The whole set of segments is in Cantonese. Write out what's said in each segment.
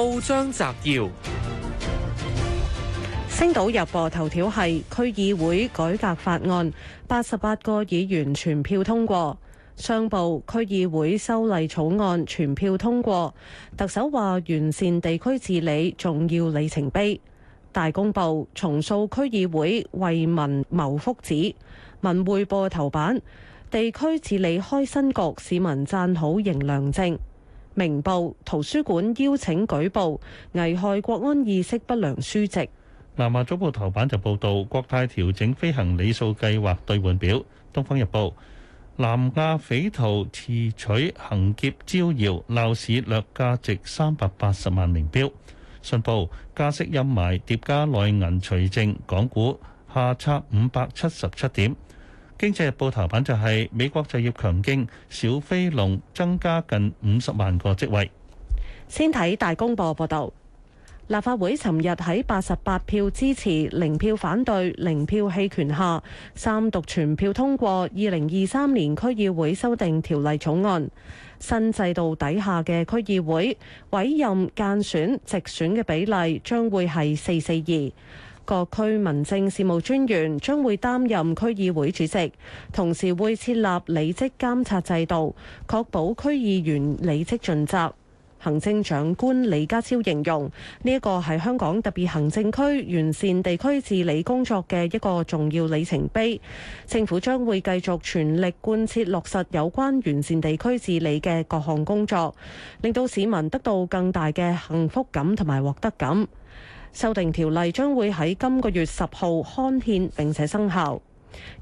報章摘要：星島日報頭條係區議會改革法案八十八個議員全票通過，商報區議會修例草案全票通過，特首話完善地區治理重要里程碑，大公報重塑區議會為民謀福祉，文匯報頭版地區治理開新局，市民讚好迎良政。明報圖書館邀請舉報危害國安意識不良書籍。南華早報頭版就報導國泰調整飛行里數計劃兌換表。東方日報南亞匪徒持取行劫招搖鬧市掠價值三百八十萬名錶。信報加息陰霾疊加內銀除淨，港股下挫五百七十七點。《經濟日報》頭版就係美國就業強勁，小非農增加近五十萬個職位。先睇大公報報道，立法會尋日喺八十八票支持、零票反對、零票棄權下，三讀全票通過二零二三年區議會修訂條例草案。新制度底下嘅區議會委任、間選、直選嘅比例將會係四四二。各區民政事務專員將會擔任區議會主席，同時會設立履職監察制度，確保區議員履職盡責。行政長官李家超形容呢一個係香港特別行政區完善地區治理工作嘅一個重要里程碑。政府將會繼續全力貫徹落實有關完善地區治理嘅各項工作，令到市民得到更大嘅幸福感同埋獲得感。修訂條例將會喺今個月十號刊憲並且生效，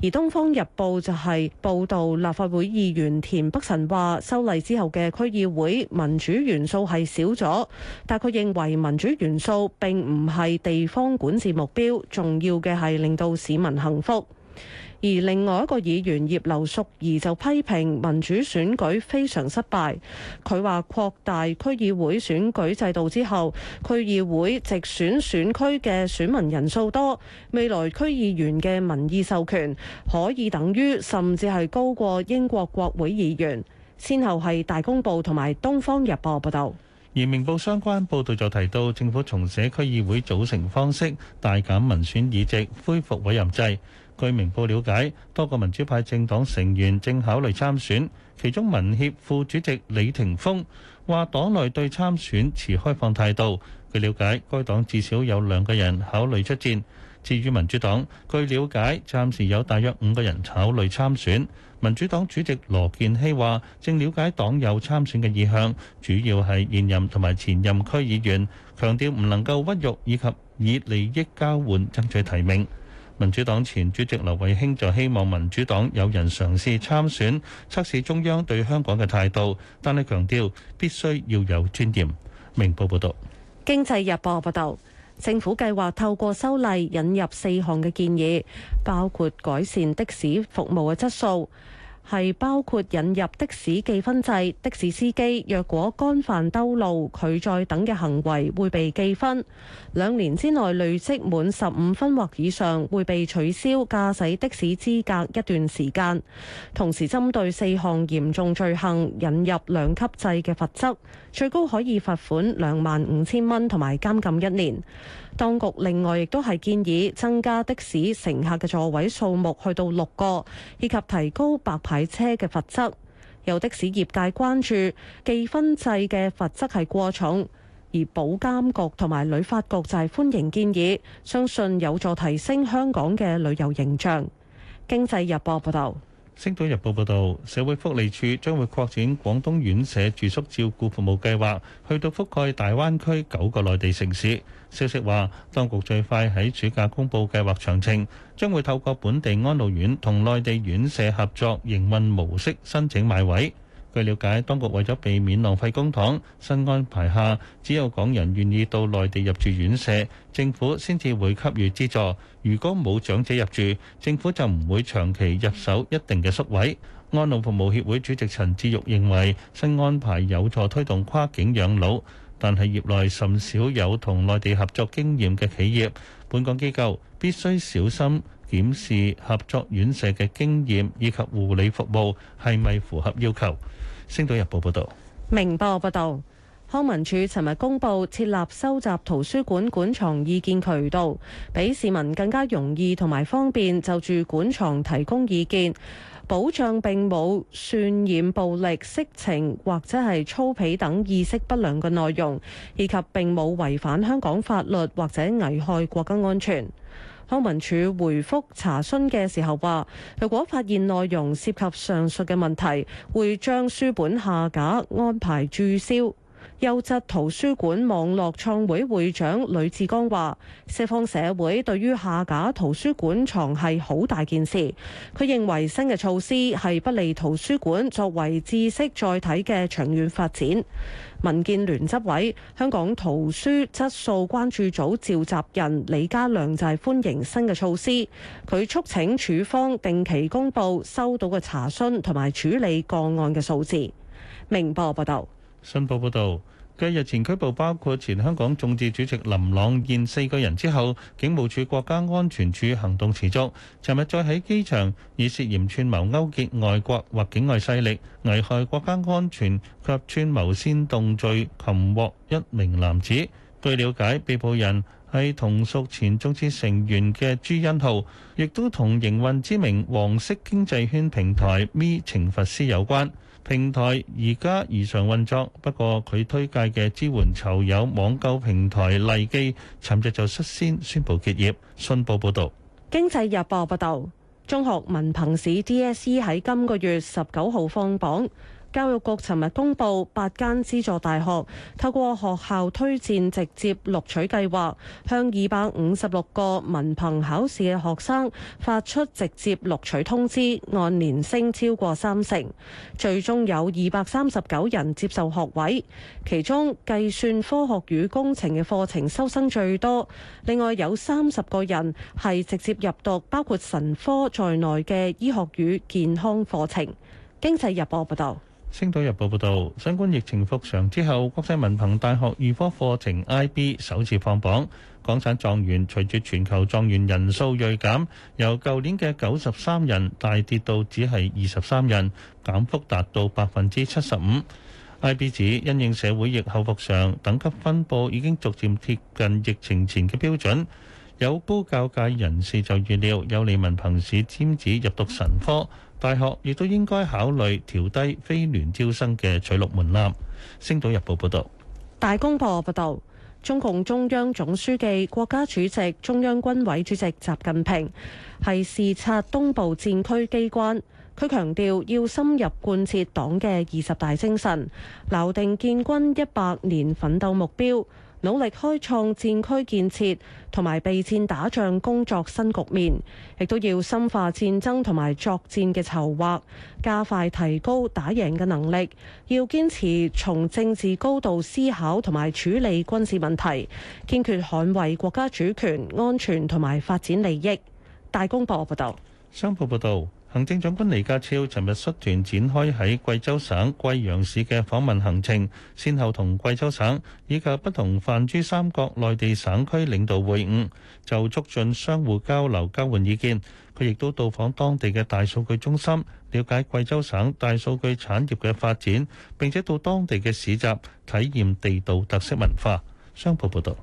而《東方日報》就係報導立法會議員田北辰話：修例之後嘅區議會民主元素係少咗，但佢認為民主元素並唔係地方管治目標，重要嘅係令到市民幸福。而另外一個議員葉劉淑儀就批評民主選舉非常失敗。佢話擴大區議會選舉制度之後，區議會直選選區嘅選民人數多，未來區議員嘅民意授權可以等於甚至係高過英國國會議員。先後係大公報同埋《東方日報》報道。而明報相關報導就提到，政府重寫區議會組成方式大減民選議席，恢復委任制。據明報了解，多個民主派政黨成員正考慮參選，其中民協副主席李霆鋒話黨內對參選持開放態度。據了解，該黨至少有兩個人考慮出戰。至於民主黨，據了解暫時有大約五個人考慮參選。民主黨主席羅健熙話正了解黨友參選嘅意向，主要係現任同埋前任區議員，強調唔能夠屈辱以及以利益交換爭取提名。民主黨前主席劉慧卿，就希望民主黨有人嘗試參選，測試中央對香港嘅態度，但係強調必須要有係包括引入的士記分制，的士司機若果干犯兜路、拒載等嘅行為，會被記分。兩年之內累積滿十五分或以上，會被取消駕駛的士資格一段時間。同時針對四項嚴重罪行，引入兩級制嘅罰則，最高可以罰款兩萬五千蚊，同埋監禁一年。當局另外亦都係建議增加的士乘客嘅座位數目去到六個，以及提高白牌車嘅罰則。有的士業界關注記分制嘅罰則係過重，而保監局同埋旅發局就係歡迎建議，相信有助提升香港嘅旅遊形象。經濟日報報道。《星島日報》報導，社會福利署將會擴展廣東院舍住宿照顧服務計劃，去到覆蓋大灣區九個內地城市。消息話，當局最快喺暑假公佈計劃詳情，將會透過本地安老院同內地院舍合作營運模式申請買位。據瞭解，當局為咗避免浪費公帑，新安排下只有港人願意到內地入住院舍，政府先至會給予資助。如果冇長者入住，政府就唔會長期入手一定嘅宿位。安老服務協會主席陳志玉認為，新安排有助推動跨境養老，但係業內甚少有同內地合作經驗嘅企業。本港機構必須小心檢視合作院舍嘅經驗以及護理服務係咪符合要求。星島日報報道，明報報道，康文署尋日公布設立收集圖書館館藏意見渠道，俾市民更加容易同埋方便就住館藏提供意見，保障並冇渲染暴力、色情或者係粗鄙等意識不良嘅內容，以及並冇違反香港法律或者危害國家安全。康文署回覆查詢嘅時候話，若果發現內容涉及上述嘅問題，會將書本下架，安排註銷。優質圖書館網絡創會會長呂志剛話：西方社會對於下架圖書館藏係好大件事。佢認為新嘅措施係不利圖書館作為知識載體嘅長遠發展。民建聯執委香港圖書質素關注組召集人李家亮就係歡迎新嘅措施。佢促請署方定期公布收到嘅查詢同埋處理個案嘅數字。明報報道。新報報導，繼日前拘捕包括前香港眾志主席林朗彥四個人之後，警務處國家安全處行動持續。尋日再喺機場以涉嫌串謀勾結外國或境外勢力、危害國家安全及串謀煽動罪擒獲一名男子。據了解，被捕人係同屬前眾志成員嘅朱恩浩，亦都同營運知名黃色經濟圈平台咪懲罰師有關。平台而家異常運作，不過佢推介嘅支援囚友網購平台麗記，尋日就率先宣布結業。信報報道：經濟日報報道，中學文憑試 DSE 喺今個月十九號放榜。教育局尋日公布，八間資助大學透過學校推薦直接錄取計劃向二百五十六個文憑考試嘅學生發出直接錄取通知，按年升超過三成。最終有二百三十九人接受學位，其中計算科學與工程嘅課程收生最多。另外有三十個人係直接入讀包括神科在內嘅醫學與健康課程。經濟日報報道。《星島日報》報導，新冠疫情復常之後，國際文憑大學預科課程 IB 首次放榜，港產狀元隨住全球狀元人數鋭減，由舊年嘅九十三人大跌到只係二十三人，減幅達到百分之七十五。IB 指因應社會疫後復常，等級分佈已經逐漸貼近疫情前嘅標準。有高教界人士就預料，有利文憑試尖子入讀神科。大學亦都應該考慮調低非聯招生嘅取錄門檻。星島日報報道。大公報報道，中共中央總書記、國家主席、中央軍委主席習近平係視察東部戰區機關，佢強調要深入貫徹黨嘅二十大精神，錨定建軍一百年奮鬥目標。努力開創戰區建設同埋備戰打仗工作新局面，亦都要深化戰爭同埋作戰嘅籌劃，加快提高打贏嘅能力，要堅持從政治高度思考同埋處理軍事問題，堅決捍衛國家主權、安全同埋發展利益。大公報報道。商報報道。行政長官李家超尋日率團展開喺貴州省貴陽市嘅訪問行程，先後同貴州省以及不同泛珠三角內地省區領導會晤，就促進相互交流、交換意見。佢亦都到訪當地嘅大數據中心，了解貴州省大數據產業嘅發展，並且到當地嘅市集體驗地道特色文化。商報報道。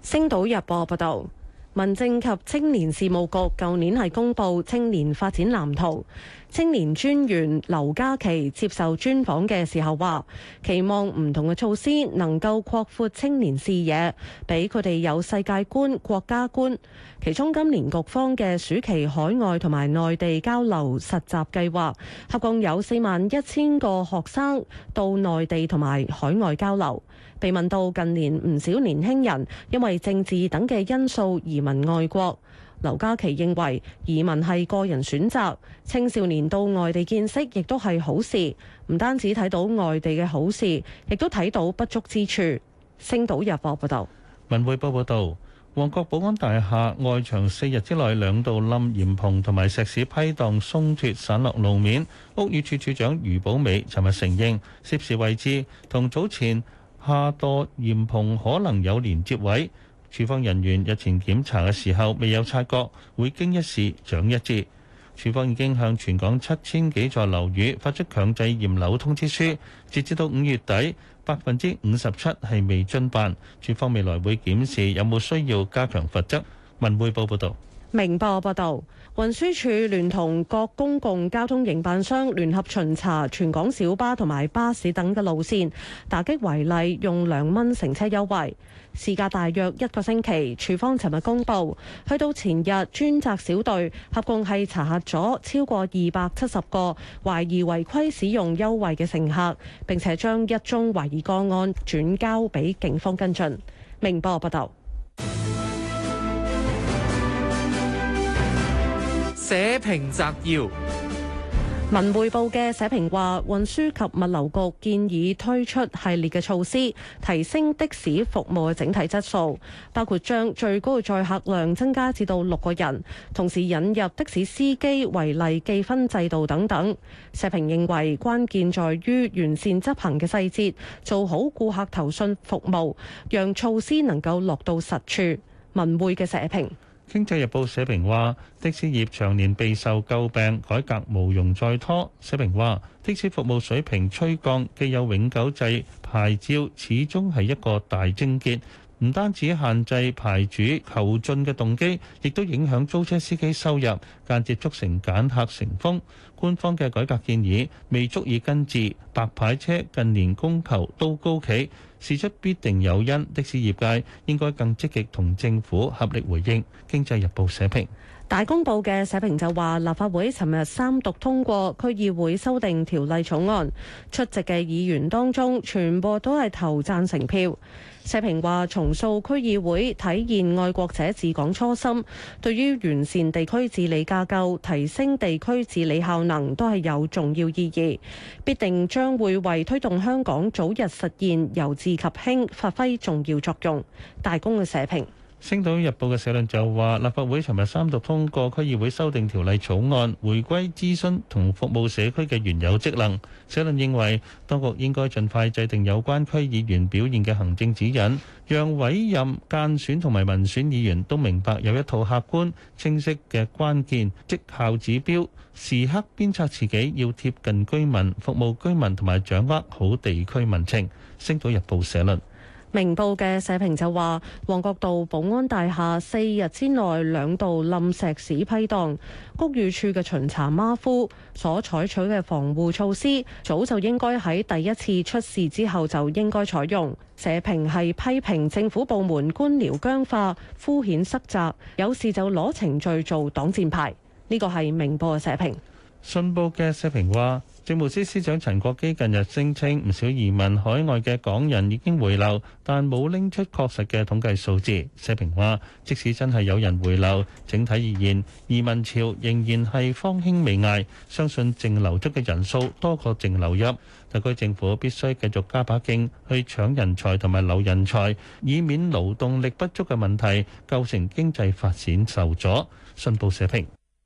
星島日報報道。民政及青年事務局舊年係公布青年發展藍圖。青年專員劉家琪接受專訪嘅時候話，期望唔同嘅措施能夠擴闊青年視野，俾佢哋有世界觀、國家觀。其中今年局方嘅暑期海外同埋內地交流實習計劃合共有四萬一千個學生到內地同埋海外交流。被問到近年唔少年輕人因為政治等嘅因素移民外國。劉家琪認為移民係個人選擇，青少年到外地見識亦都係好事，唔單止睇到外地嘅好事，亦都睇到不足之處。星島日報報道。文匯報報道，旺角保安大廈外牆四日之內兩度冧簷篷同埋石屎批盪鬆脱散落路面，屋宇署署長余寶美尋日承認涉事位置同早前下墮簷篷可能有連接位。署方人員日前檢查嘅時候，未有察覺，會經一事長一智。署方已經向全港七千幾座樓宇發出強制驗樓通知書，截至到五月底，百分之五十七係未遵辦。署方未來會檢視有冇需要加強罰則。文匯報報道。明報報道，運輸署聯同各公共交通營辦商聯合巡查全港小巴同埋巴士等嘅路線，打擊違例用兩蚊乘車優惠，事隔大約一個星期。署方尋日公布，去到前日專責小隊合共係查核咗超過二百七十個懷疑違規使用優惠嘅乘客，並且將一宗懷疑個案轉交俾警方跟進。明報報道。社評摘要：文匯報嘅社評話，運輸及物流局建議推出系列嘅措施，提升的士服務嘅整體質素，包括將最高嘅載客量增加至到六個人，同時引入的士司機為例記分制度等等。社評認為關鍵在於完善執行嘅細節，做好顧客投訴服務，讓措施能夠落到實處。文匯嘅社評。經濟日報社評話：的士業長年備受詬病，改革無容再拖。社評話：的士服務水平趨降，既有永久制牌照，始終係一個大症結。唔單止限制牌主求進嘅動機，亦都影響租車司機收入，間接促成揀客成風。官方嘅改革建議未足以根治。白牌車近年供求都高企，事出必定有因。的士業界應該更積極同政府合力回應。經濟日報社評。大公報嘅社評就話，立法會尋日三讀通過區議會修訂條例草案，出席嘅議員當中全部都係投贊成票。社評話，重塑區議會體現愛國者治港初心，對於完善地區治理架構、提升地區治理效能都係有重要意義，必定將會為推動香港早日實現由治及興發揮重要作用。大公嘅社評。星島日報嘅社論就話，立法會尋日三讀通過區議會修訂條例草案，回歸諮詢同服務社區嘅原有職能。社論認為，當局應該盡快制定有關區議員表現嘅行政指引，讓委任、間選同埋民選議員都明白有一套客觀、清晰嘅關鍵、績效指標，時刻鞭策自己要貼近居民、服務居民同埋掌握好地區民情。星島日報社論。明報嘅社評就話，旺角道保安大廈四日之內兩度冧石屎批盪，屋宇署嘅巡查馬夫所採取嘅防護措施早就應該喺第一次出事之後就應該採用。社評係批評政府部門官僚僵化、敷衍塞責，有事就攞程序做擋箭牌。呢、這個係明報嘅社評。信報嘅社評話，政務司司長陳國基近日聲稱唔少移民海外嘅港人已經回流，但冇拎出確實嘅統計數字。社評話，即使真係有人回流，整體而言移民潮仍然係方興未艾，相信淨流出嘅人數多過淨流入，特區政府必須繼續加把勁去搶人才同埋留人才，以免勞動力不足嘅問題構成經濟發展受阻。信報社評。